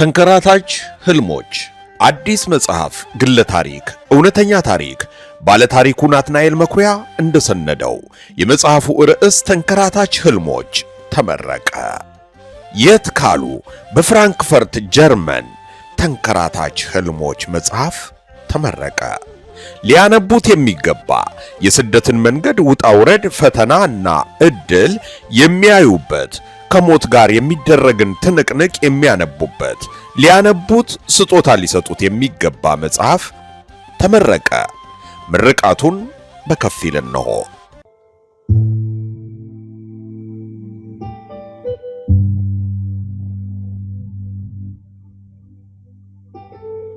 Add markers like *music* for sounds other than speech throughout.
ተንከራታች ህልሞች አዲስ መጽሐፍ ግለ ታሪክ እውነተኛ ታሪክ ባለ ታሪኩ ናትናኤል መኩሪያ እንደሰነደው የመጽሐፉ ርዕስ ተንከራታች ህልሞች ተመረቀ። የት ካሉ በፍራንክፈርት ጀርመን ተንከራታች ህልሞች መጽሐፍ ተመረቀ። ሊያነቡት የሚገባ የስደትን መንገድ ውጣውረድ፣ ፈተናና እድል የሚያዩበት ከሞት ጋር የሚደረግን ትንቅንቅ የሚያነቡበት ሊያነቡት ስጦታ ሊሰጡት የሚገባ መጽሐፍ ተመረቀ። ምርቃቱን በከፊል እነሆ።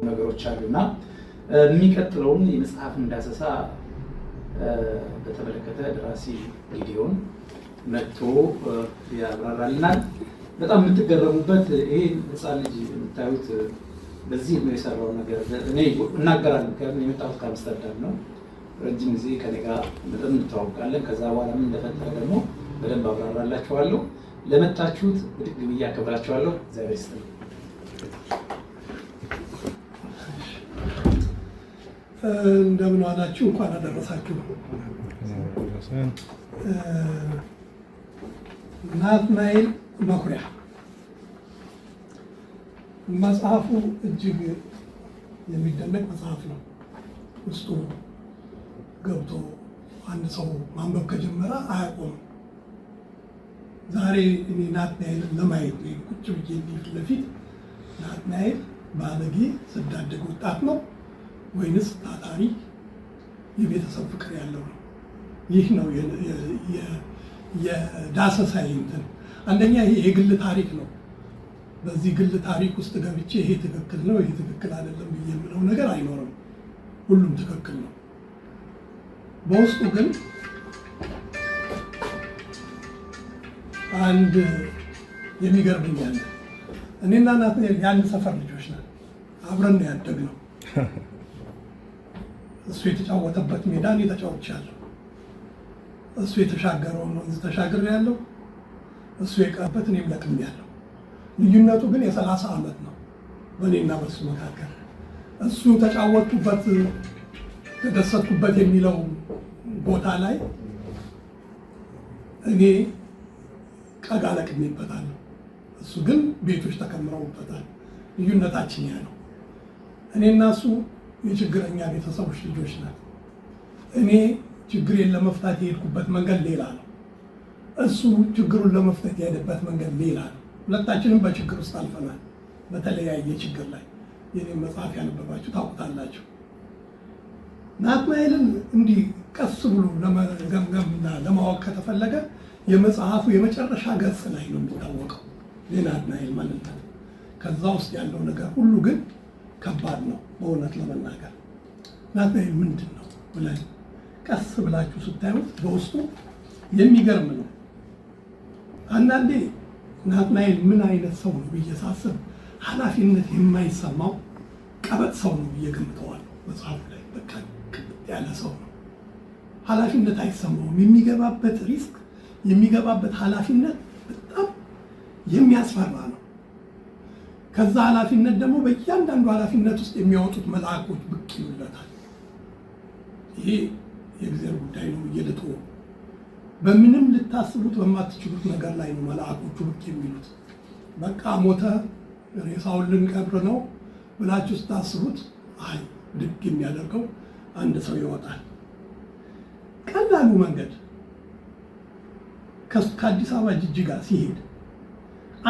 ነገሮች አሉና የሚቀጥለውን የመጽሐፍ እንዳሰሳ በተመለከተ ደራሲ ጌዲዮን መጥቶ ያብራራልናል። በጣም የምትገረሙበት ይሄ ህፃን ልጅ የምታዩት በዚህ ነው የሰራው ነገር። እኔ እናገራለሁ፣ ምክንያቱም የመጣሁት ከአምስተርዳም ነው። ረጅም ጊዜ ከኔ ጋር በጣም እንተዋወቃለን። ከዛ በኋላ ምን እንደፈጠረ ደግሞ በደንብ አብራራላችኋለሁ። ለመጣችሁት ብድግ ብዬ አከብራችኋለሁ። እግዚአብሔር ይስጥልኝ። እንደምን ዋላችሁ። እንኳን አደረሳችሁ። ናትናኤል መኩሪያ መጽሐፉ እጅግ የሚደነቅ መጽሐፍ ነው። ውስጡ ገብቶ አንድ ሰው ማንበብ ከጀመረ አያቆምም። ዛሬ እኔ ናትናኤል ለማየት ወይም ቁጭ ብዬ ፊት ለፊት ናትናኤል ባለጌ ስዳደግ ወጣት ነው ወይንስ ታታሪ የቤተሰብ ፍቅር ያለው ነው? ይህ ነው የዳሰሳ እንትን አንደኛ ይሄ የግል ታሪክ ነው። በዚህ ግል ታሪክ ውስጥ ገብቼ ይሄ ትክክል ነው፣ ይሄ ትክክል አይደለም ብዬ የምለው ነገር አይኖርም። ሁሉም ትክክል ነው። በውስጡ ግን አንድ የሚገርመኝ ያለ እኔና እናት የአንድ ሰፈር ልጆች ነን። አብረን ያደግነው። እሱ የተጫወተበት ሜዳ እኔ ተጫውቻለሁ። እሱ የተሻገረውን ወንዝ ተሻግር ያለው እሱ የቀበት እኔም ለቅም ያለው ልዩነቱ ግን የሰላሳ ዓመት ነው በእኔና በሱ መካከል። እሱ ተጫወቱበት ተደሰቱበት የሚለው ቦታ ላይ እኔ ቀጋ ለቅሜበታለሁ፣ እሱ ግን ቤቶች ተከምረውበታል። ልዩነታችን ያ ነው። እኔና እሱ የችግረኛ ቤተሰቦች ልጆች ናት እኔ ችግሬን ለመፍታት የሄድኩበት መንገድ ሌላ ነው። እሱ ችግሩን ለመፍታት የሄደበት መንገድ ሌላ ነው። ሁለታችንም በችግር ውስጥ አልፈናል። በተለያየ ችግር ላይ የኔ መጽሐፍ ያነበባችሁ ታውቁታላችሁ። ናትናኤልን እንዲህ ቀስ ብሎ ለመገምገምና ለማወቅ ከተፈለገ የመጽሐፉ የመጨረሻ ገጽ ላይ ነው የሚታወቀው የናትናኤል ማንነት። ከዛ ውስጥ ያለው ነገር ሁሉ ግን ከባድ ነው በእውነት ለመናገር ናትናኤል ምንድን ነው ብለን ቀስ ብላችሁ ስታዩት በውስጡ የሚገርም ነው። አንዳንዴ ናትናኤል ምን አይነት ሰው ነው ብዬ ሳስብ ኃላፊነት የማይሰማው ቀበጥ ሰው ነው ብዬ ገምተዋል። መጽሐፉ ላይ በቃ ያለ ሰው ነው። ኃላፊነት አይሰማውም። የሚገባበት ሪስክ የሚገባበት ኃላፊነት በጣም የሚያስፈራ ነው። ከዛ ኃላፊነት ደግሞ በእያንዳንዱ ኃላፊነት ውስጥ የሚያወጡት መልአኮች ብቅ ይሉለታል። ይሄ የእግዚአብሔር ጉዳይ ነው እየልጦ በምንም ልታስቡት በማትችሉት ነገር ላይ ነው መልአኮቹ ብቅ የሚሉት። በቃ ሞተ ሬሳውን ልንቀብር ነው ብላችሁ ስታስቡት አይ ድግ የሚያደርገው አንድ ሰው ይወጣል። ቀላሉ መንገድ ከአዲስ አበባ ጅጅጋ ሲሄድ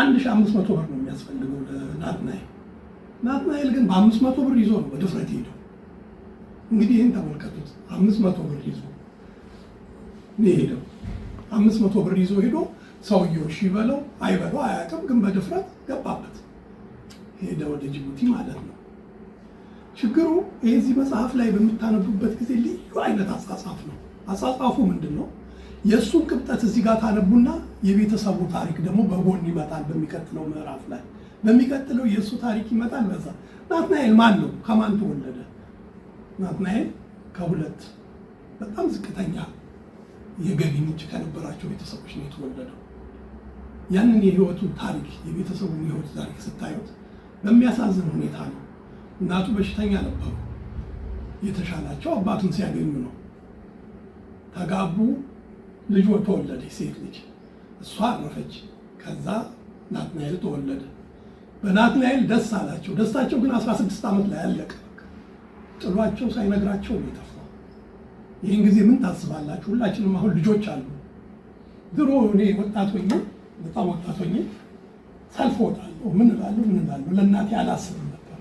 አንድ ሺህ አምስት መቶ ብር ነው የሚያስፈልገው ለናትናኤል። ናትናኤል ግን በአምስት መቶ ብር ይዞ ነው በድፍረት ሄደው እንግዲህ ይህን ተመልከቱት። አምስት መቶ ብር ይዞ ሄደው አምስት መቶ ብር ይዞ ሄዶ ሰውየው ሺ በለው አይበለው አያውቅም፣ ግን በድፍረት ገባበት ሄደ ወደ ጅቡቲ ማለት ነው። ችግሩ የዚህ መጽሐፍ ላይ በምታነቡበት ጊዜ ልዩ አይነት አጻጻፍ ነው። አጻጻፉ ምንድን ነው? የእሱን ቅብጠት እዚህ ጋር ታነቡና የቤተሰቡ ታሪክ ደግሞ በጎን ይመጣል። በሚቀጥለው ምዕራፍ ላይ በሚቀጥለው የእሱ ታሪክ ይመጣል። በዛ ናትናኤል ማን ነው? ከማን ተወለደ? ናትናኤል ከሁለት በጣም ዝቅተኛ የገቢ ምንጭ ከነበራቸው ቤተሰቦች ነው የተወለደው። ያንን የህይወቱን ታሪክ የቤተሰቡን የህይወት ታሪክ ስታዩት በሚያሳዝን ሁኔታ ነው። እናቱ በሽተኛ ነበሩ። የተሻላቸው አባቱን ሲያገኙ ነው። ተጋቡ። ልጅ ተወለደች፣ ሴት ልጅ። እሷ አረፈች። ከዛ ናትናኤል ተወለደ። በናትናኤል ደስ አላቸው። ደስታቸው ግን 16 ዓመት ላይ አለቀ። ጥሏቸው ሳይነግራቸው ነው የጠፋው። ይህን ጊዜ ምን ታስባላችሁ? ሁላችንም አሁን ልጆች አሉ። ድሮ እኔ ወጣት ሆኜ በጣም ወጣት ሆኜ ሰልፍ እወጣለሁ። ምን እላለሁ? ምን እላለሁ? ለእናቴ አላስብም ነበር።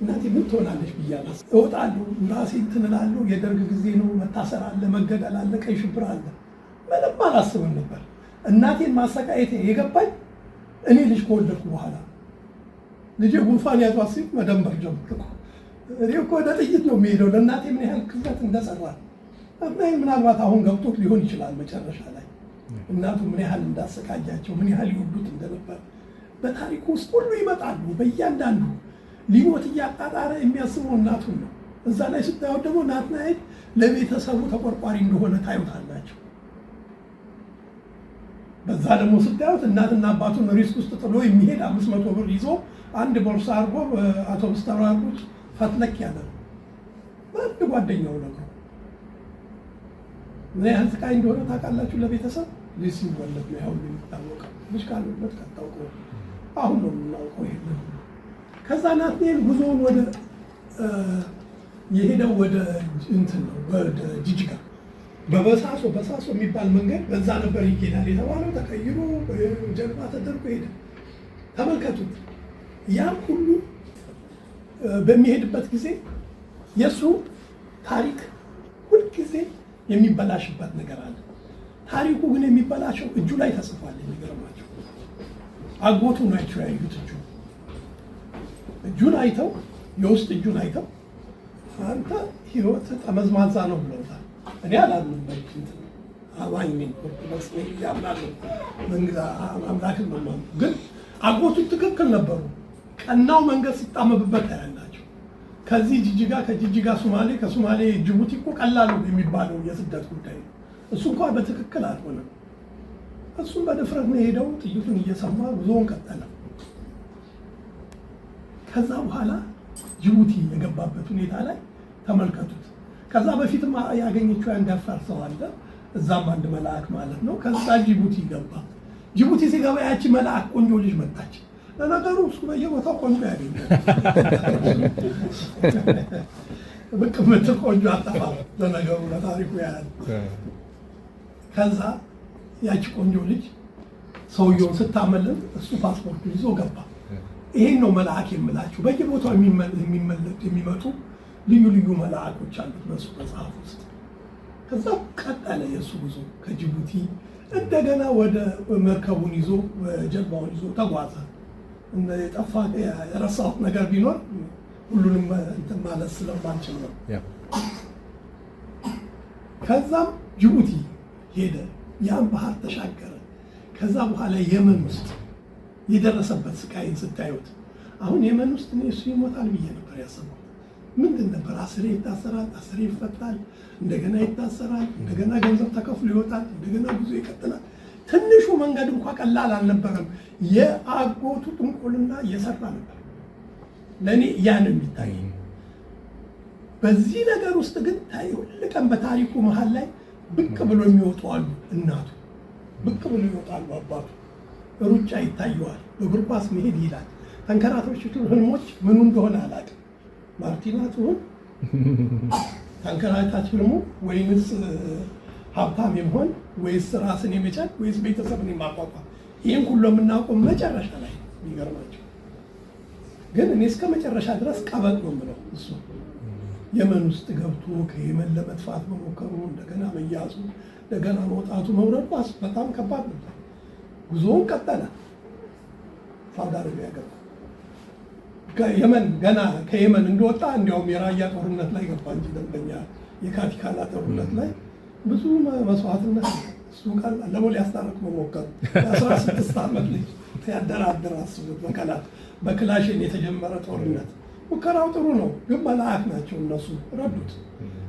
እናቴ ምን ትሆናለች ብዬ አላስብም። እወጣለሁ፣ ራሴ እንትን እላለሁ። የደርግ ጊዜ ነው፣ መታሰር አለ፣ መገደል አለ፣ ቀይ ሽብር አለ። ምንም አላስብም ነበር። እናቴን ማሰቃየት የገባኝ እኔ ልጅ ከወለድኩ በኋላ ልጄ ጉንፋን ያዟት ሲል መደንበር ጀመርኩ። እኔ እኮ ወደ ጥይት ነው የሚሄደው። ለእናቴ ምን ያህል ክፍተት እንደሰራል አብናይ ምናልባት አሁን ገብቶት ሊሆን ይችላል። መጨረሻ ላይ እናቱ ምን ያህል እንዳሰቃያቸው ምን ያህል ይወዱት እንደነበር በታሪኩ ውስጥ ሁሉ ይመጣሉ። በእያንዳንዱ ሊሞት እያጣጣረ የሚያስበው እናቱን ነው። እዛ ላይ ስታዩት ደግሞ ናትናኤል ለቤተሰቡ ተቆርቋሪ እንደሆነ ታዩታላቸው። በዛ ደግሞ ስታዩት እናትና አባቱን ሪስክ ውስጥ ጥሎ የሚሄድ አምስት መቶ ብር ይዞ አንድ ቦርሳ አድርጎ አውቶቡስ ተራሮች ፈትነክ ያለ ነው። ጓደኛው ነው ምን ያህል ስቃይ እንደሆነ ታውቃላችሁ። ለቤተሰብ ልጅ ሲወለድ ነው ያሁሉ የሚታወቀው። ልጅ ካልወለድ ካታውቀው አሁን ነው የምናውቀው። ይሄ ከዛ ናትኔል ጉዞውን ወደ የሄደው ወደ እንትን ነው ወደ ጅጅጋ በበሳሶ በሳሶ የሚባል መንገድ በዛ ነበር ይሄዳል የተባለው ተቀይሮ ጀልባ ተደርጎ ሄደ። ተመልከቱ ያም ሁሉ በሚሄድበት ጊዜ የእሱ ታሪክ ሁልጊዜ የሚበላሽበት ነገር አለ። ታሪኩ ግን የሚበላሸው እጁ ላይ ተጽፏል። የሚገርማቸው አጎቱ ናቸው ያዩት እጁ እጁን አይተው የውስጥ እጁን አይተው አንተ ህይወት ጠመዝማዛ ነው ብለውታል። እኔ አላምንም በእንትን አማኝ ነኝ አምላክን ነው ግን አጎቱ ትክክል ነበሩ። ቀናው መንገድ ሲጣመብበት ታያላቸው። ከዚህ ጅጅጋ፣ ከጅጅጋ ሶማሌ፣ ከሶማሌ ጅቡቲ እኮ ቀላሉ የሚባለው የስደት ጉዳይ ነው። እሱ እንኳ በትክክል አልሆነም። እሱም በድፍረት ነው የሄደው። ጥይቱን እየሰማ ጉዞውን ቀጠለ። ከዛ በኋላ ጅቡቲ የገባበት ሁኔታ ላይ ተመልከቱት። ከዛ በፊትም ያገኘችው አንድ አፋር ሰው አለ፣ እዛም አንድ መልአክ ማለት ነው። ከዛ ጅቡቲ ገባ። ጅቡቲ ሲገባ ያቺ መልአክ ቆንጆ ልጅ መጣች። ለነገሩ እሱ በየቦታው ቆንጆ ያገኛል። ብቅ ምትል ቆንጆ አጠፋ። ለነገሩ ለታሪኩ ያህል ከዛ ያቺ ቆንጆ ልጅ ሰውየውን ስታመልን እሱ ፓስፖርቱ ይዞ ገባ። ይሄን ነው መልአክ የምላችሁ። በየቦታው የሚመጡ ልዩ ልዩ መልአኮች አሉት በሱ መጽሐፍ ውስጥ። ከዛ ቀጠለ የእሱ ጉዞ ከጅቡቲ እንደገና ወደ መርከቡን ይዞ ጀልባውን ይዞ ተጓዘ። የጠፋ የረሳሁት ነገር ቢኖር ሁሉንም እንትን ማለት ስለማንችል ነው። ከዛም ጅቡቲ ሄደ፣ ያን ባህር ተሻገረ። ከዛ በኋላ የመን ውስጥ የደረሰበት ስቃይን ስታዩት፣ አሁን የመን ውስጥ እኔ እሱ ይሞታል ብዬ ነበር ያሰብኩት። ምንድን ነበር አስሬ ይታሰራል፣ አስሬ ይፈታል፣ እንደገና ይታሰራል፣ እንደገና ገንዘብ ተከፍሎ ይወጣል፣ እንደገና ጉዞ ይቀጥላል። ትንሹ መንገድ እንኳ ቀላል አልነበረም። የአጎቱ ጥንቆልና የሰራ ነበር። ለእኔ ያን የሚታይ በዚህ ነገር ውስጥ ግን ሁል በታሪኩ መሀል ላይ ብቅ ብሎ የሚወጡ አሉ። እናቱ ብቅ ብሎ ይወጣሉ። አባቱ ሩጫ ይታየዋል። እግር ኳስ መሄድ ይላል። ተንከራቶች ህልሞች ምኑ እንደሆነ አላውቅም። ማርቲና ትሁን ተንከራታች ህልሙ ወይንስ ሀብታም የመሆን ወይስ ራስን የመቻል ወይስ ቤተሰብን የማቋቋም? ይህን ሁሉ የምናውቀው መጨረሻ ላይ የሚገርማቸው ግን እኔ እስከ መጨረሻ ድረስ ቀበጥ ነው የምለው እሱ የመን ውስጥ ገብቶ ከየመን ለመጥፋት መሞከሩ እንደገና መያዙ እንደገና መውጣቱ መውረዱ በጣም ከባድ ነበር። ጉዞውን ቀጠለ። ሳውዲ አረቢያ ገባ። የመን ገና ከየመን እንደወጣ እንዲያውም የራያ ጦርነት ላይ ገባ እንጂ ደንበኛ የካቲካላ ጦርነት ላይ ብዙ መስዋዕትነት እሱ ጋር ለሞ ሊያስታርቅ መሞከሩ የአስራ ስድስት ዓመት ልጅ ያደራድር አስቡት። በቀላት በክላሽን የተጀመረ ጦርነት ሙከራው ጥሩ ነው፣ ግን መልአክ ናቸው እነሱ ረዱት።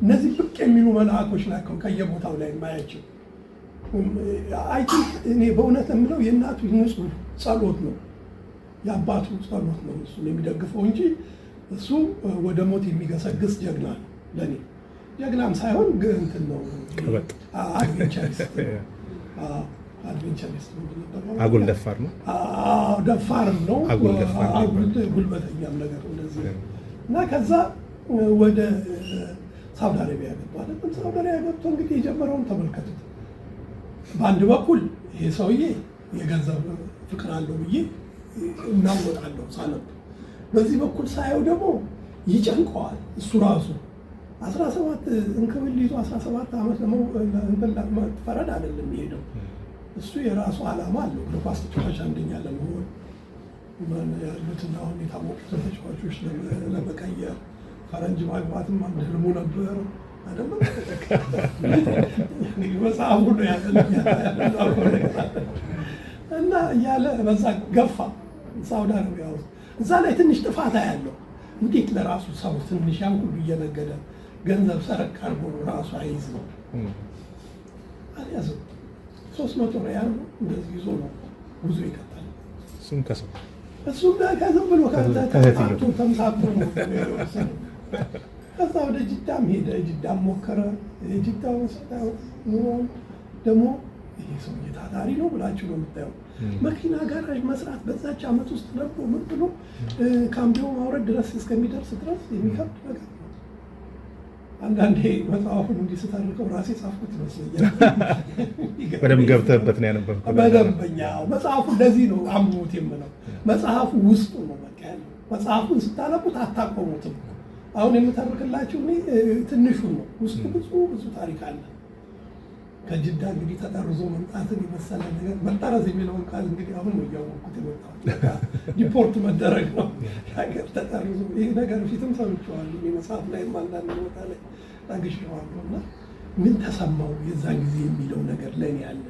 እነዚህ ብቅ የሚሉ መልአኮች ናቸው ከየቦታው ላይ የማያቸው። አይቲ እኔ በእውነት የምለው የእናቱ ንጹህ ጸሎት ነው የአባቱ ጸሎት ነው እሱ የሚደግፈው እንጂ እሱ ወደ ሞት የሚገሰግስ ጀግና ለእኔ ጀግናም ሳይሆን ግንትን ነው ቀበጥ አጉል ደፋር ነው። ነው። ጉልበተኛም ነገር እና ከዛ ወደ ሳውዲ አረቢያ ሳውዲ አረቢያ ገብቶ እንግዲህ የጀመረውን ተመልከቱት። በአንድ በኩል ይሄ ሰውዬ የገንዘብ ፍቅር አለው ብዬ እናወጣለሁ ሳለብ፣ በዚህ በኩል ሳየው ደግሞ ይጨንቀዋል እሱ ራሱ አስራ ሰባት እንክብሊቱ አስራ ሰባት ዓመት ፈረድ አይደለም የሚሄደው እሱ የራሱ ዓላማ አለው። እግር ኳስ ተጫዋች አንደኛ ለመሆን ያሉትና አሁን የታወቁትን ተጫዋቾች ለመቀየር ፈረንጅ ማግባትም አንድ ህልሙ ነበር። መጽሐፉ ነው እና እያለ በዛ ገፋ ሳውዲ አረቢያ ውስጥ እዛ ላይ ትንሽ ጥፋታ ያለው እንዴት ለራሱ ሰው ትንሽ ያን ሁሉ እየነገደ ገንዘብ ሰረቅ አድርጎ ራሱ አይዝ ነው አልያዝም። ሶስት መቶ ነው ያሉ እንደዚህ ይዞ ነው ጉዞ ይቀጣል። እሱም ከሰው እሱም ዝም ብሎ ከቶ ተምሳቶ ከዛ ወደ ጅዳም ሄደ። ጅዳም ሞከረ። የጅዳው ስታየው ኑሮን ደግሞ ይሄ ሰውዬ ታታሪ ነው ብላችሁ ነው የምታየው። መኪና ጋራዥ መስራት በዛች አመት ውስጥ ደግሞ ምን ብሎ ካምቢዮ ማውረድ ድረስ እስከሚደርስ ድረስ የሚከብድ ነገር አንዳንዴ መጽሐፉን እንዲስተርከው ራሴ ጻፍኩት ይመስለኛል። *laughs* በደምብ ገብተህበት ነው ያነበብኩት። በደንበኛ መጽሐፉ ለዚህ ነው አምኖት የምለው መጽሐፉ ውስጡ ነው በቃ ያለው። መጽሐፉን ስታነቡት አታቆሙትም። አሁን የምተርክላችሁ ትንሹን ነው። ውስጡ ብዙ ብዙ ታሪክ አለ። ከጅዳ እንግዲህ ተጠርዞ መምጣትን የመሰለ ነገር መጠረዝ የሚለውን ቃል እንግዲህ አሁን ነው እያወቅኩት የመጣሁት። ዲፖርት መደረግ ነው ሀገር ተጠርዞ። ይህ ነገር ፊትም ሰምቼዋለሁ፣ መጽሐፍ ላይም አንዳንድ ቦታ ላይ ጠግሼዋለሁ። እና ምን ተሰማው የዛን ጊዜ የሚለው ነገር ለእኔ ያለ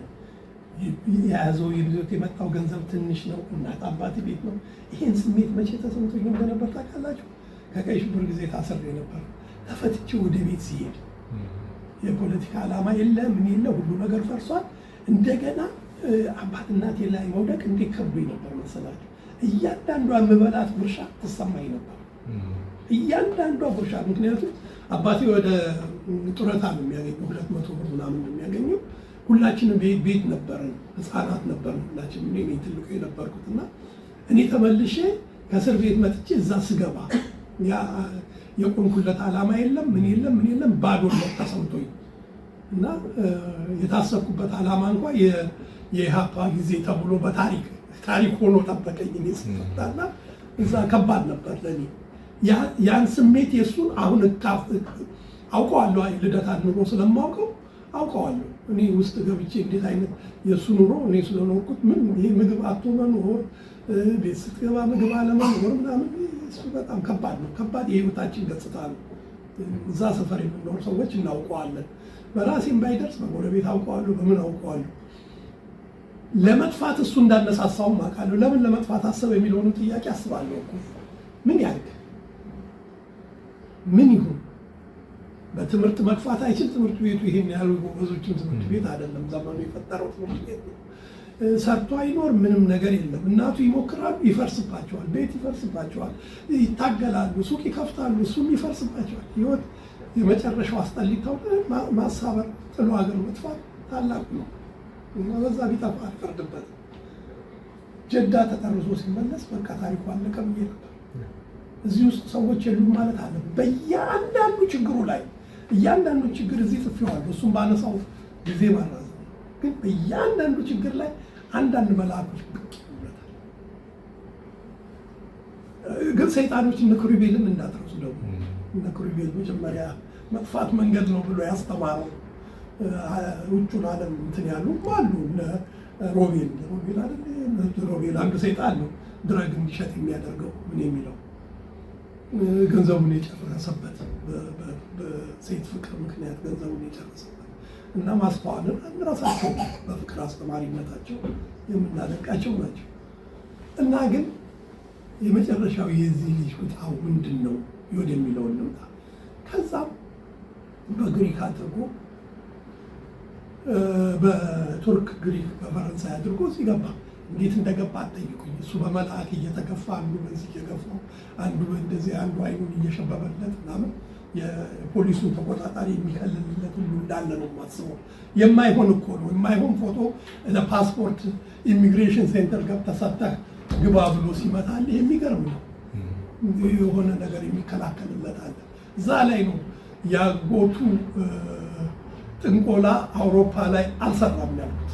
የያዘው የብዞት የመጣው ገንዘብ ትንሽ ነው፣ እናት አባት ቤት ነው። ይህን ስሜት መቼ ተሰምቶኝ እንደነበር ታውቃላችሁ? ከቀይ ሽብር ጊዜ ታስሬ ነበር። ተፈትቼ ወደ ቤት ሲሄድ የፖለቲካ ዓላማ የለ ምን የለ ሁሉ ነገር ፈርሷል። እንደገና አባት እናቴ ላይ መውደቅ እንዴት ከብዶኝ ነበር መሰላችሁ። እያንዳንዷ ምበላት ጉርሻ ትሰማኝ ነበር፣ እያንዳንዷ ጉርሻ። ምክንያቱም አባቴ ወደ ጡረታ ነው የሚያገኘው፣ ሁለት መቶ ብር ምናምን ነው የሚያገኘው። ሁላችንም ቤት ነበርን፣ ህፃናት ነበርን ሁላችን። እኔ ነኝ ትልቁ የነበርኩት እና እኔ ተመልሼ ከእስር ቤት መጥቼ እዛ ስገባ የቆምኩለት ዓላማ የለም ምን የለም ምን የለም ባዶ ነው ተሰምቶኝ እና የታሰብኩበት ዓላማ እንኳ የኢህአፓ ጊዜ ተብሎ በታሪክ ታሪክ ሆኖ ጠበቀኝ። እኔ ስፈታና እዛ ከባድ ነበር ለኔ ያን ስሜት የእሱን አሁን አውቀዋለሁ ልደታ ኑሮ ስለማውቀው አውቀዋለሁ። እኔ ውስጥ ገብቼ እንዴት አይነት የእሱ ኑሮ እኔ ስለኖርኩት ምን ይህ ምግብ አቶ መኖር ቤት ስትገባ ምግብ አለመኖር ምናምን እሱ በጣም ከባድ ነው። ከባድ የህይወታችን ገጽታ ነው። እዛ ሰፈር የምንኖር ሰዎች እናውቀዋለን። በራሴም ባይደርስ በጎረቤት አውቀዋለሁ። በምን አውቀዋለሁ። ለመጥፋት እሱ እንዳነሳሳውም አውቃለሁ። ለምን ለመጥፋት አሰብ የሚለሆኑ ጥያቄ አስባለሁ ምን ያድግ ምን ይሁን በትምህርት መግፋት አይችል ትምህርት ቤቱ ይሄን ያሉ ጎበዞችን ትምህርት ቤት አይደለም ዘመኑ የፈጠረው ትምህርት ቤት ነው። ሰርቶ አይኖር ምንም ነገር የለም። እናቱ ይሞክራሉ፣ ይፈርስባቸዋል። ቤት ይፈርስባቸዋል፣ ይታገላሉ፣ ሱቅ ይከፍታሉ፣ እሱም ይፈርስባቸዋል። ህይወት የመጨረሻው አስጠሊታው ማሳበር፣ ጥሎ ሀገር መጥፋት ታላቁ ነው እና በዛ ቢጠፋ አልፈርድበትም። ጀዳ ተጠርዞ ሲመለስ በቃ ታሪኩ አለቀ ብዬ ነበር። እዚህ ውስጥ ሰዎች የሉም ማለት አለ በየአንዳንዱ ችግሩ ላይ እያንዳንዱ ችግር እዚህ ጽፌዋለሁ። እሱም ባነሳው ጊዜ ባራዘ ግን በእያንዳንዱ ችግር ላይ አንዳንድ መልአኮች ብቅ ይውለታል። ግን ሰይጣኖች እነ ኪሩቤልን እንዳትረሱ ደግሞ እነ ኪሩቤል መጀመሪያ መጥፋት መንገድ ነው ብሎ ያስተማረው ውጩን ዓለም እንትን ያሉ አሉ። እነ ሮቤል ሮቤል አይደል ሮቤል አንዱ ሰይጣን ነው ድረግ እንዲሸጥ የሚያደርገው ምን የሚለው ገንዘቡን የጨረሰበት በሴት ፍቅር ምክንያት ገንዘቡን የጨረሰበት እና ማስተዋልን ራሳቸው በፍቅር አስተማሪነታቸው የምናደንቃቸው ናቸው። እና ግን የመጨረሻው የዚህ ልጅ ቁጣ ምንድን ነው ወደሚለውን ልምጣ። ከዛም በግሪክ አድርጎ በቱርክ ግሪክ በፈረንሳይ አድርጎ ሲገባ እንዴት እንደገባ አጠይቁኝ። እሱ በመልአክ እየተገፋ አንዱ በዚህ እየገፋው አንዱ በእንደዚህ አንዱ አይኑን እየሸበበለት ምናምን የፖሊሱን ተቆጣጣሪ የሚከልልለት ሁሉ እንዳለ ነው ማስበው። የማይሆን እኮ ነው የማይሆን ፎቶ ፓስፖርት ኢሚግሬሽን ሴንተር ገብተህ ሰጥተህ ግባ ብሎ ሲመታል የሚገርም ነው። የሆነ ነገር የሚከላከልለት አለ። እዛ ላይ ነው ያጎቱ ጥንቆላ አውሮፓ ላይ አልሰራም ያሉት።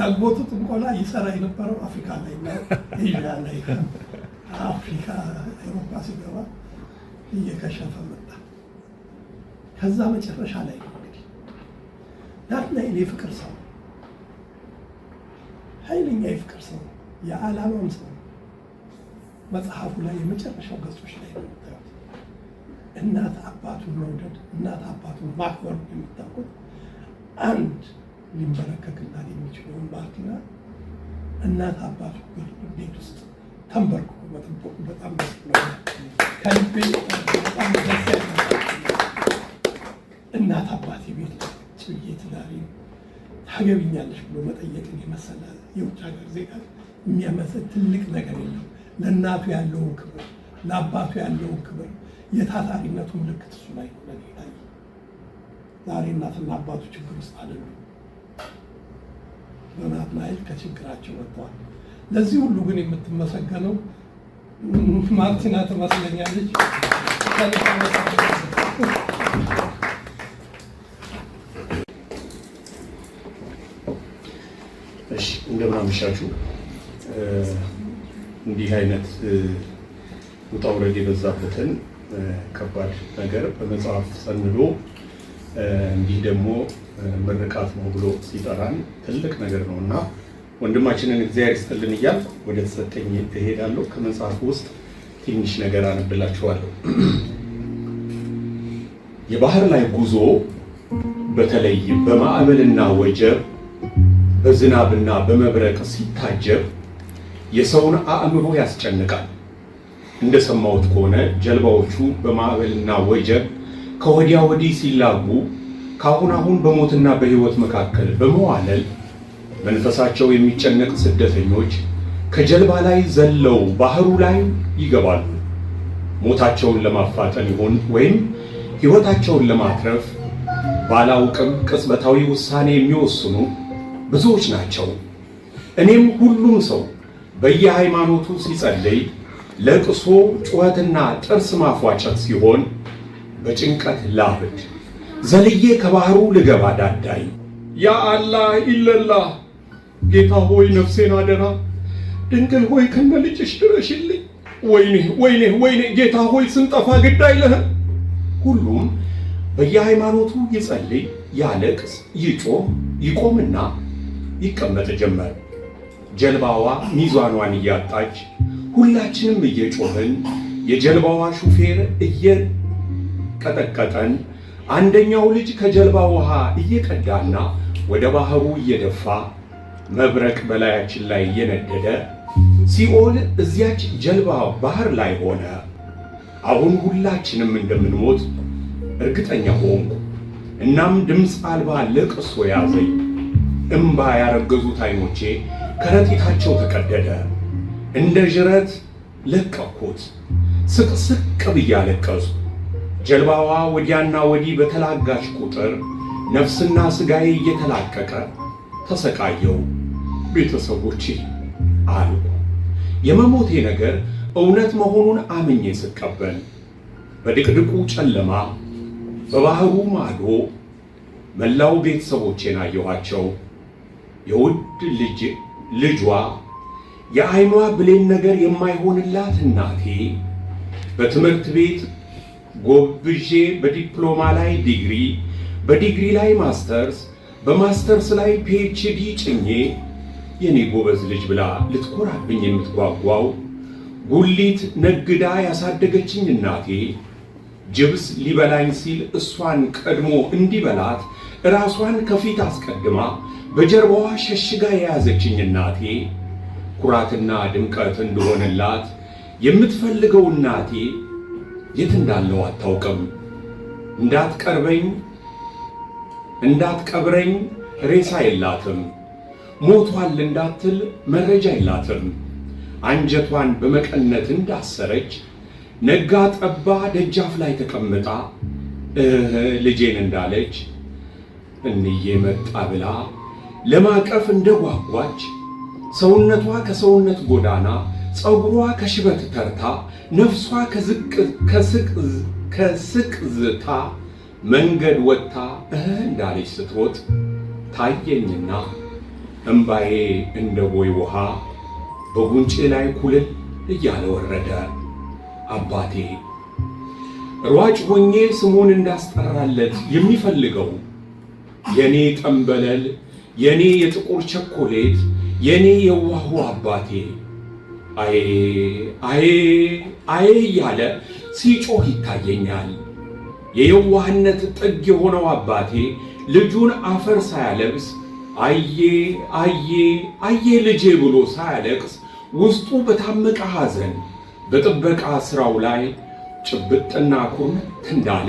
ያጎቱ ጥንቆላ ይሰራ የነበረው አፍሪካ ላይ ና ላይ አፍሪካ አውሮፓ ሲገባ እየከሸፈ መጣ። ከዛ መጨረሻ ላይ እንግዲህ እኔ ፍቅር ሰው ኃይለኛ የፍቅር ሰው የዓላማም ሰው መጽሐፉ ላይ የመጨረሻው ገጾች ላይ የምታዩት እናት አባቱን መውደድ፣ እናት አባቱን ማክበር የምታውቁት አንድ ሊንበረከክላት የሚችለውን ባርኪና እናት አባቱ ቤት ውስጥ ተንበርኩ። በጣም ከልቤ በጣም ደስ እናት አባቴ ቤት ጭዬ ትዳሪ ታገቢኛለሽ ብሎ መጠየቅን የመሰለ የውጭ ሀገር ዜጋ የሚያመስል ትልቅ ነገር የለም። ለእናቱ ያለውን ክብር፣ ለአባቱ ያለውን ክብር የታታሪነቱ ምልክት እሱ ላይ ሆነ ዛሬ እናትና አባቱ ችግር ውስጥ አይደሉም። በናትናኤል ከችግራቸው ወጥተዋል። ለዚህ ሁሉ ግን የምትመሰገነው ማርቲና ትመስለኛለች። እሺ፣ አመሻችሁ። እንዲህ አይነት ውጣ ውረድ የበዛበትን ከባድ ነገር በመጽሐፍ ሰንዶ እንዲህ ደግሞ ምርቃት ነው ብሎ ሲጠራን ትልቅ ነገር ነው እና ወንድማችንን እግዚአብሔር ይስጥልን እያል ወደ ተሰጠኝ እሄዳለሁ። ከመጽሐፉ ውስጥ ትንሽ ነገር አነብላችኋለሁ። የባህር ላይ ጉዞ በተለይ በማዕበልና ወጀብ በዝናብና በመብረቅ ሲታጀብ የሰውን አእምሮ ያስጨንቃል። እንደሰማሁት ከሆነ ጀልባዎቹ በማዕበልና ወጀብ ከወዲያ ወዲህ ሲላጉ ከአሁን አሁን በሞትና በሕይወት መካከል በመዋለል መንፈሳቸው የሚጨነቅ ስደተኞች ከጀልባ ላይ ዘለው ባህሩ ላይ ይገባሉ። ሞታቸውን ለማፋጠን ይሆን ወይም ሕይወታቸውን ለማትረፍ ባላውቅም ቅጽበታዊ ውሳኔ የሚወስኑ ብዙዎች ናቸው። እኔም ሁሉም ሰው በየሃይማኖቱ ሲጸልይ ለቅሶ ጩኸትና ጥርስ ማፏጨት ሲሆን በጭንቀት ላብድ ዘልዬ ከባህሩ ልገባ ዳዳይ ያ አላህ ኢለላህ ጌታ ሆይ ነፍሴን አደራ፣ ድንግል ሆይ ከነልጅሽ ድረሽልኝ። ወይኔ ወይኔ ወይኔ ጌታ ሆይ ስንጠፋ ግድ አይለህም። ሁሉም በየሃይማኖቱ ይጸልይ፣ ያለቅስ፣ ይጮህ፣ ይቆምና ይቀመጥ ጀመር። ጀልባዋ ሚዛኗን እያጣች ሁላችንም እየጮህን የጀልባዋ ሹፌር እየቀጠቀጠን አንደኛው ልጅ ከጀልባ ውሃ እየቀዳና ወደ ባህሩ እየደፋ መብረቅ በላያችን ላይ እየነደደ ሲኦል እዚያች ጀልባ ባህር ላይ ሆነ። አሁን ሁላችንም እንደምንሞት እርግጠኛ ሆንኩ። እናም ድምፅ አልባ ለቅሶ ያዘኝ። እምባ ያረገዙት አይኖቼ ከረጢታቸው ተቀደደ። እንደ ዥረት ለቀኩት። ስቅስቅ ብዬ ጀልባዋ ወዲያና ወዲህ በተላጋች ቁጥር ነፍስና ስጋዬ እየተላቀቀ ተሰቃየው። ቤተሰቦቼ አልኩ። የመሞቴ ነገር እውነት መሆኑን አምኜ ስቀበል በድቅድቁ ጨለማ በባህሩ ማዶ መላው ቤተሰቦቼን አየኋቸው። የውድ ልጇ የአይኗ ብሌን ነገር የማይሆንላት እናቴ በትምህርት ቤት ጎብዤ በዲፕሎማ ላይ ዲግሪ፣ በዲግሪ ላይ ማስተርስ፣ በማስተርስ ላይ ፒኤችዲ ጭኜ የኔ ጎበዝ ልጅ ብላ ልትኮራብኝ የምትጓጓው ጉሊት ነግዳ ያሳደገችኝ እናቴ ጅብስ ሊበላኝ ሲል እሷን ቀድሞ እንዲበላት ራሷን ከፊት አስቀድማ በጀርባዋ ሸሽጋ የያዘችኝ እናቴ ኩራትና ድምቀት እንደሆነላት የምትፈልገው እናቴ የት እንዳለው አታውቅም። እንዳትቀርበኝ እንዳትቀብረኝ ሬሳ የላትም። ሞቷል እንዳትል መረጃ የላትም። አንጀቷን በመቀነት እንዳሰረች ነጋ ጠባ ደጃፍ ላይ ተቀምጣ ልጄን እንዳለች እንዬ መጣ ብላ ለማቀፍ እንደጓጓች ሰውነቷ ከሰውነት ጎዳና ፀጉሯ ከሽበት ተርታ ነፍሷ ከስቅዝታ መንገድ ወጥታ እህ እንዳለች ስትሮጥ ታየኝና እምባዬ እንደ ቦይ ውሃ በጉንጬ ላይ ኩልል እያለ ወረደ። አባቴ ሯጭ ሆኜ ስሙን እንዳስጠራለት የሚፈልገው የኔ ጠንበለል፣ የኔ የጥቁር ቸኮሌት፣ የኔ የዋሁ አባቴ አዬ አዬ አዬ እያለ ሲጮህ ይታየኛል። የየዋህነት ጥግ የሆነው አባቴ ልጁን አፈር ሳያለብስ አዬ አዬ አዬ ልጄ ብሎ ሳያለቅስ ውስጡ በታመቀ ሐዘን በጥበቃ ሥራው ላይ ጭብጥና ኩርምት እንዳለ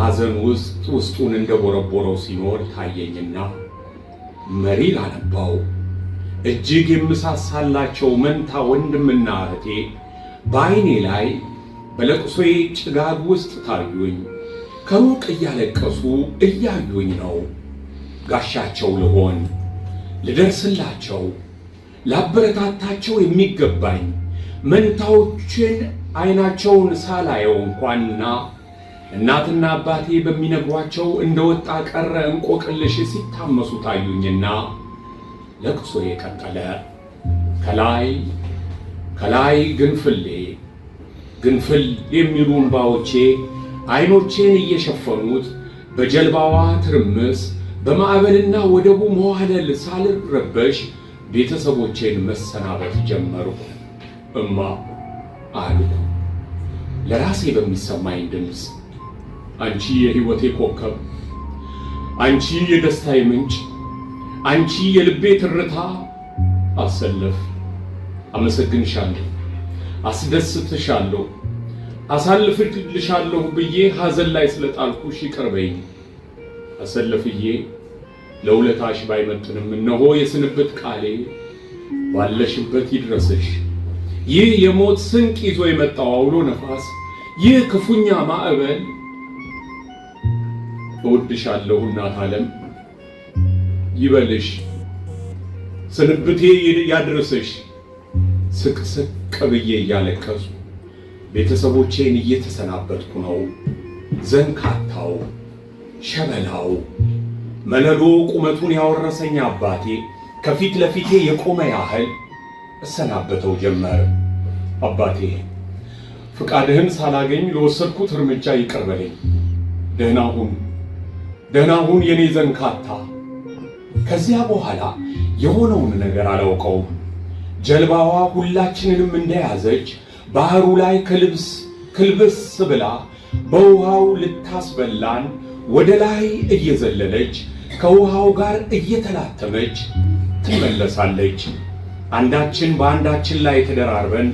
ሐዘን ውስጥ ውስጡን እንደቦረቦረው ሲኖር ታየኝና መሪ ላነባው እጅግ የምሳሳላቸው መንታ ወንድምና እህቴ በዐይኔ ላይ በለቅሶዬ ጭጋግ ውስጥ ታዩኝ። ከሩቅ እያለቀሱ እያዩኝ ነው። ጋሻቸው ልሆን፣ ልደርስላቸው፣ ላበረታታቸው የሚገባኝ መንታዎችን አይናቸውን ሳላየው እንኳንና እናትና አባቴ በሚነግሯቸው እንደወጣ ቀረ እንቆቅልሽ ሲታመሱ ታዩኝና ለቅሶ የቀጠለ ከላይ ከላይ ግንፍሌ ግንፍል የሚሉ እንባዎቼ አይኖቼን እየሸፈኑት በጀልባዋ ትርምስ በማዕበልና ወደቡ መዋለል ሳልረበሽ ቤተሰቦቼን መሰናበት ጀመርኩ። እማ አልኩ ለራሴ በሚሰማኝ ድምፅ፣ አንቺ የሕይወቴ ኮከብ፣ አንቺ የደስታዬ ምንጭ፣ አንቺ የልቤ ትርታ፣ አሰለፍ፣ አመሰግንሻለሁ፣ አስደስትሻለሁ፣ አሳልፍልሻለሁ ብዬ ሐዘን ላይ ስለጣልኩሽ ይቅርበኝ። አሰለፍዬ ለውለታሽ ባይመጥንም እነሆ የስንብት ቃሌ ባለሽበት ይድረስሽ። ይህ የሞት ስንቅ ይዞ የመጣው አውሎ ነፋስ፣ ይህ ክፉኛ ማዕበል እወድሻለሁ እናት ዓለም ይበልሽ፣ ስንብቴ ያድርስሽ። ስቅስቅ ብዬ እያለቀሱ ቤተሰቦቼን እየተሰናበትኩ ነው ዘንካታው ሸበላው መለሎ ቁመቱን ያወረሰኝ አባቴ ከፊት ለፊቴ የቆመ ያህል እሰናበተው ጀመር። አባቴ ፍቃድህን ሳላገኝ ለወሰድኩት እርምጃ ይቅር በለኝ። ደህና ሁን፣ ደህና ሁን የኔ ዘንካታ። ከዚያ በኋላ የሆነውን ነገር አላውቀውም። ጀልባዋ ሁላችንንም እንደያዘች ባህሩ ላይ ከልብስ ክልብስ ብላ በውሃው ልታስበላን ወደ ላይ እየዘለለች ከውሃው ጋር እየተላተመች ትመለሳለች። አንዳችን በአንዳችን ላይ ተደራርበን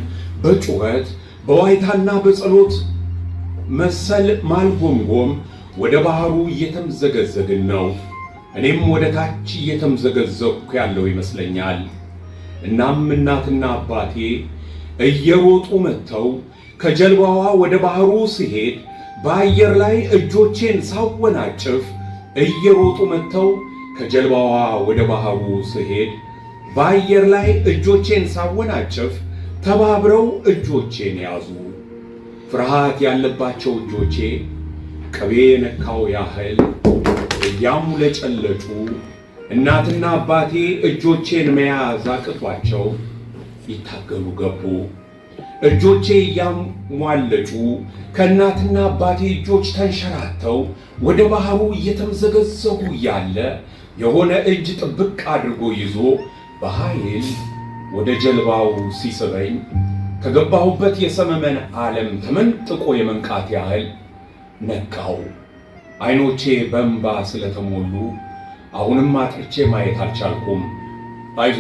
በጩኸት በዋይታና በጸሎት መሰል ማልጎምጎም ወደ ባህሩ እየተምዘገዘግን ነው። እኔም ወደ ታች እየተምዘገዘግኩ ያለው ይመስለኛል። እናም እናትና አባቴ እየሮጡ መጥተው ከጀልባዋ ወደ ባህሩ ሲሄድ በአየር ላይ እጆቼን ሳወናጭፍ እየሮጡ መጥተው ከጀልባዋ ወደ ባህሩ ስሄድ በአየር ላይ እጆቼን ሳወናጭፍ ተባብረው እጆቼን ያዙ። ፍርሃት ያለባቸው እጆቼ ቅቤ ነካው ያህል እያሙለጨለጩ እናትና አባቴ እጆቼን መያዝ አቅቷቸው ይታገሉ ገቡ። እጆቼ እያሟለጩ ከእናትና አባቴ እጆች ተንሸራተው ወደ ባህሩ እየተምዘገዘጉ እያለ የሆነ እጅ ጥብቅ አድርጎ ይዞ በኃይል ወደ ጀልባው ሲስበኝ ከገባሁበት የሰመመን ዓለም ተመንጥቆ የመንቃት ያህል ነቃው። ዓይኖቼ በእንባ ስለተሞሉ አሁንም አጥርቼ ማየት አልቻልኩም። አይዞ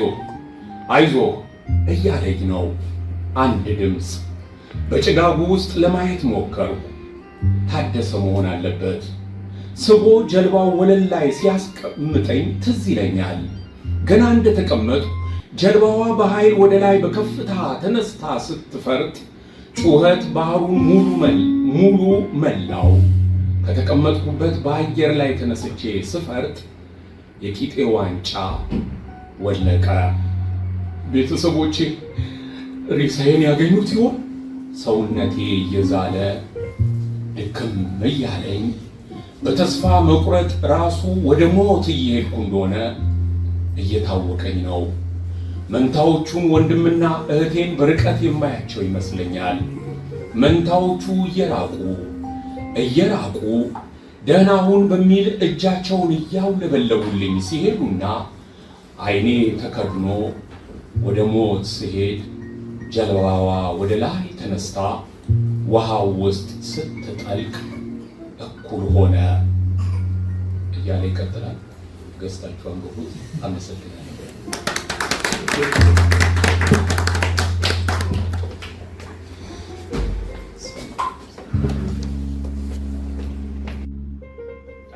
አይዞ እያለኝ ነው። አንድ ድምፅ በጭጋጉ ውስጥ ለማየት ሞከርኩ። ታደሰ መሆን አለበት። ስቦ ጀልባው ወለል ላይ ሲያስቀምጠኝ ትዝ ይለኛል። ገና እንደተቀመጡ ጀልባዋ በኃይል ወደ ላይ በከፍታ ተነስታ ስትፈርጥ ጩኸት ባህሩን ሙሉ መላው። ከተቀመጥኩበት በአየር ላይ ተነስቼ ስፈርጥ የቂጤ ዋንጫ ወለቀ። ቤተሰቦቼ ሬሳዬን ያገኙት ይሆን? ሰውነቴ እየዛለ ድክም እያለኝ በተስፋ መቁረጥ ራሱ ወደ ሞት እየሄድኩ እንደሆነ እየታወቀኝ ነው። መንታዎቹን ወንድምና እህቴን በርቀት የማያቸው ይመስለኛል። መንታዎቹ እየራቁ እየራቁ ደህና ሁን በሚል እጃቸውን እያውለበለቡልኝ ሲሄዱና አይኔ ተከድኖ ወደ ሞት ሲሄድ ጀልባዋ ወደ ላይ ተነስታ ውሃው ውስጥ ስትጠልቅ እኩል ሆነ እያለ ይቀጥላል። ገዝታችሁ አንብቡት። አመሰግናለሁ።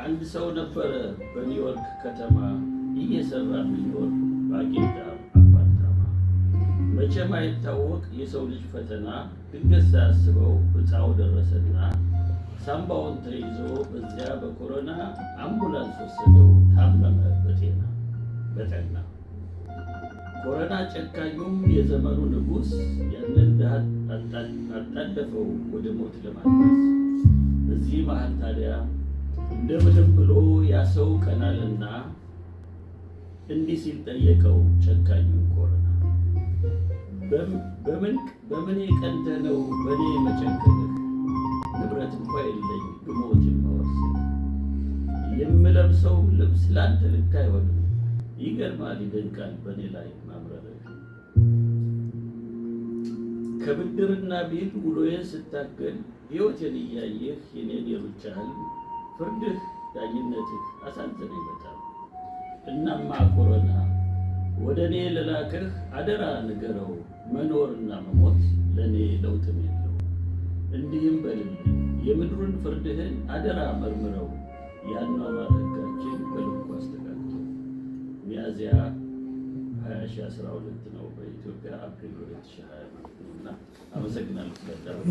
አንድ ሰው ነበረ በኒውዮርክ ከተማ እየሰራ የሚኖር ባቄታ የማይታወቅ የሰው ልጅ ፈተና ድንገት ሳያስበው ሕፃው ደረሰና ሳምባውን ተይዞ በዚያ በኮሮና አምቡላንስ ወሰደው። ታመመ በጤና በጠና። ኮሮና ጨካኙም የዘመኑ ንጉሥ ያንን አጣደፈው ወደ ሞት ለማድረስ። በዚህ መሀል ታዲያ እንደምንም ብሎ ያ ቀናልና እንዲህ ሲል ጠየቀው ጨካኙን ኮሮና በምን የቀንተ ነው በእኔ መቸንከንህ? ንብረት እንኳ የለኝ ብሞት የማወርስ የምለብሰው ልብስ ለአንተ ልክ አይሆንም። ይገርማል፣ ይደንቃል በእኔ ላይ ማምረርህ። ከብድርና ቤት ውሎዬን ስታገል ሕይወቴን እያየህ የኔን የሩጫህን ፍርድህ ዳኝነትህ አሳዘነኝ በጣም። እናማ ኮረና ወደ እኔ ለላከህ አደራ ንገረው መኖርና መሞት ለእኔ ለውጥም የለው። እንዲህም በልልኝ የምድሩን ፍርድህን አደራ መርምረው፣ የአኗኗር ሕጋችን በልኩ አስተካክለው። ሚያዝያ 2012 ነው በኢትዮጵያ አፕሪል 2020 ነውና አመሰግናለሁ።